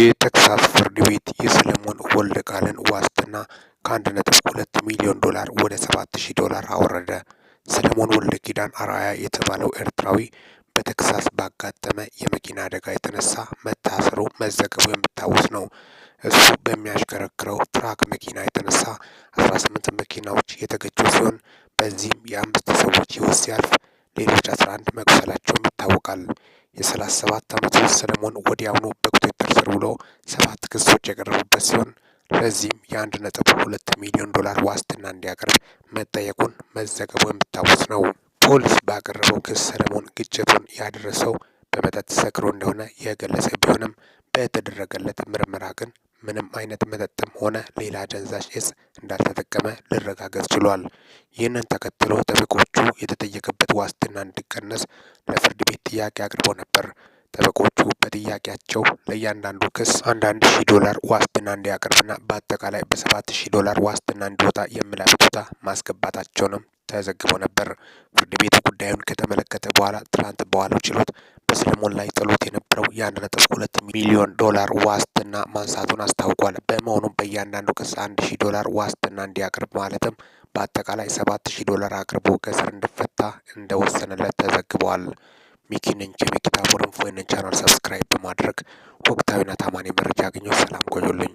የቴክሳስ ፍርድ ቤት የሰለሞን ወልደ ዋስትና ከአንድ ነጥብ ሁለት ሚሊዮን ዶላር ወደ ሰባት ሺህ ዶላር አወረደ። ሰለሞን ወልደ ኪዳን አርአያ የተባለው ኤርትራዊ በቴክሳስ ባጋጠመ የመኪና አደጋ የተነሳ መታሰሩ መዘገቡ የሚታወስ ነው። እሱ በሚያሽከረክረው ትራክ መኪና የተነሳ 18 መኪናዎች የተገጩ ሲሆን በዚህም የአምስት ሰዎች ህይወት ሲያልፍ ሌሎች 11 መቁሰላቸውም የሰላሳ ሰባት ዓመቱ ሰለሞን ወዲያውኑ በቁጥጥር ስር ውሎ ሰባት ክሶች የቀረቡበት ሲሆን ለዚህም የአንድ ነጥብ ሁለት ሚሊዮን ዶላር ዋስትና እንዲያቀርብ መጠየቁን መዘገቡ የሚታወስ ነው። ፖሊስ ባቀረበው ክስ ሰለሞን ግጭቱን ያደረሰው በመጠጥ ሰክሮ እንደሆነ የገለጸ ቢሆንም በተደረገለት ምርመራ ግን ምንም አይነት መጠጥም ሆነ ሌላ አደንዛዥ እጽ እንዳልተጠቀመ ሊረጋገጥ ችሏል። ይህንን ተከትሎ ጠበቆች የተጠየቀበት ዋስትና እንዲቀነስ ለፍርድ ቤት ጥያቄ አቅርቦ ነበር። ጠበቆቹ በጥያቄያቸው ለእያንዳንዱ ክስ አንዳንድ ሺህ ዶላር ዋስትና እንዲያቀርብና በአጠቃላይ በሰባት ሺህ ዶላር ዋስትና እንዲወጣ የሚል አቤቱታ ማስገባታቸውንም ተዘግቦ ነበር። ፍርድ ቤቱ ጉዳዩን ከተመለከተ በኋላ ትናንት በዋለው ችሎት በሰለሞን ላይ ጥሎት የነበረው የአንድ ነጥብ ሁለት ሚሊዮን ዶላር ዋስትና ማንሳቱን አስታውቋል። በመሆኑም በእያንዳንዱ ክስ አንድ ሺህ ዶላር ዋስትና እንዲያቅርብ ማለትም በአጠቃላይ ሰባት ሺህ ዶላር አቅርቦ ከእስር እንዲፈታ እንደወሰነለት ተዘግቧል። ሚኪ ነኝ ቻናል ሰብስክራይብ በማድረግ ወቅታዊና ታማኝ መረጃ ያገኘው። ሰላም ቆዩልኝ።